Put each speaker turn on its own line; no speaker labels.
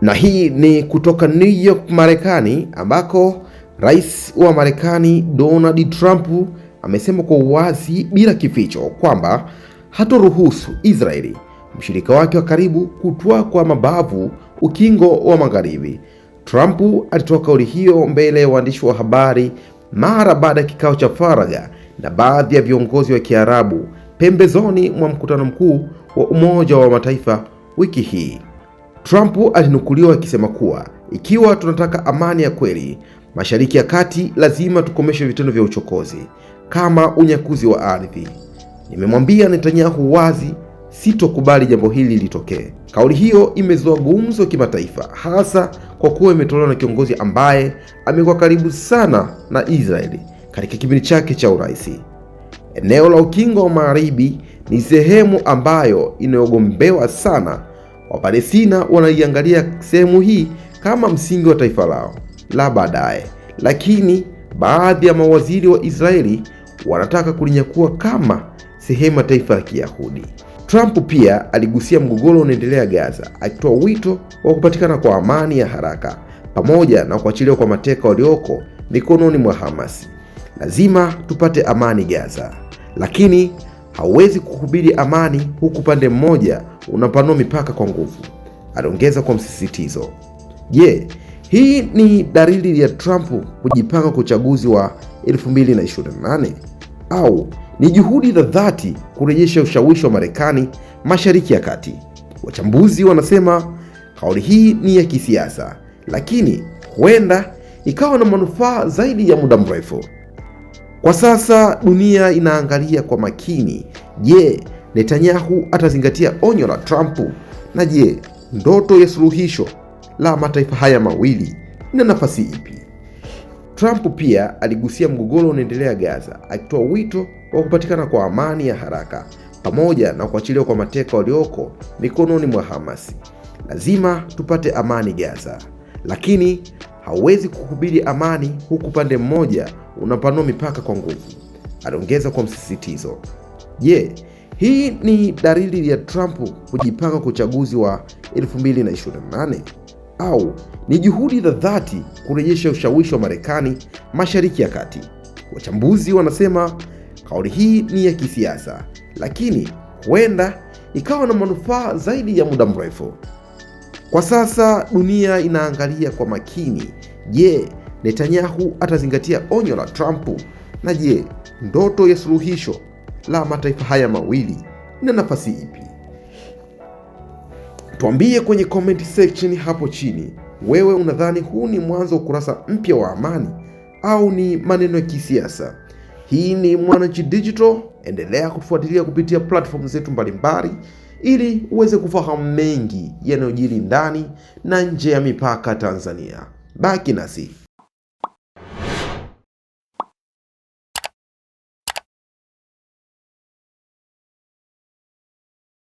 na hii ni kutoka New York Marekani, ambako rais wa Marekani Donald Trump amesema kwa uwazi bila kificho kwamba hatoruhusu Israeli, mshirika wake wa karibu, kutwa kwa mabavu ukingo wa Magharibi. Trump alitoa kauli hiyo mbele ya waandishi wa habari mara baada ya kikao cha faragha na baadhi ya viongozi wa Kiarabu pembezoni mwa mkutano mkuu wa Umoja wa Mataifa wiki hii. Trump alinukuliwa akisema kuwa ikiwa tunataka amani ya kweli Mashariki ya Kati, lazima tukomeshe vitendo vya uchokozi kama unyakuzi wa ardhi. Nimemwambia Netanyahu wazi sitokubali jambo hili litokee. Kauli hiyo imezua gumzo kimataifa, hasa kwa kuwa imetolewa na kiongozi ambaye amekuwa karibu sana na Israeli katika kipindi chake cha urais. Eneo la Ukingo wa Magharibi ni sehemu ambayo inayogombewa sana Wapalestina wanaiangalia sehemu hii kama msingi wa taifa lao la baadaye, lakini baadhi ya mawaziri wa Israeli wanataka kulinyakua kama sehemu ya taifa la Kiyahudi. Trump pia aligusia mgogoro unaendelea Gaza, akitoa wito wa kupatikana kwa amani ya haraka pamoja na kuachiliwa kwa mateka walioko mikononi mwa Hamas. Lazima tupate amani Gaza, lakini hauwezi kuhubiri amani huku pande mmoja unapanua mipaka kwa nguvu, aliongeza kwa msisitizo. Je, hii ni dalili ya Trump kujipanga kwa uchaguzi wa 2028 au ni juhudi za dhati kurejesha ushawishi wa Marekani Mashariki ya Kati? Wachambuzi wanasema kauli hii ni ya kisiasa, lakini huenda ikawa na manufaa zaidi ya muda mrefu. Kwa sasa dunia inaangalia kwa makini. Je, Netanyahu atazingatia onyo la Trump? Na je, ndoto ya suluhisho la mataifa haya mawili ina nafasi ipi? Trump pia aligusia mgogoro unaendelea Gaza, akitoa wito wa kupatikana kwa amani ya haraka pamoja na kuachiliwa kwa mateka walioko mikononi mwa Hamas. Lazima tupate amani Gaza, lakini hauwezi kuhubiri amani huku pande mmoja unapanua mipaka kwa nguvu, aliongeza kwa msisitizo. Je, hii ni dalili ya Trump kujipanga kwa uchaguzi wa 2028 au ni juhudi za dhati kurejesha ushawishi wa Marekani Mashariki ya Kati. Wachambuzi wanasema kauli hii ni ya kisiasa, lakini huenda ikawa na manufaa zaidi ya muda mrefu. Kwa sasa dunia inaangalia kwa makini. Je, Netanyahu atazingatia onyo la Trump? Na je, ndoto ya suluhisho la mataifa haya mawili na nafasi ipi? Tuambie kwenye comment section hapo chini, wewe unadhani huu ni mwanzo wa ukurasa mpya wa amani au ni maneno ya kisiasa? Hii ni Mwananchi Digital, endelea kutufuatilia kupitia platform zetu mbalimbali ili uweze kufahamu mengi yanayojiri ndani na nje ya mipaka Tanzania. Baki nasi.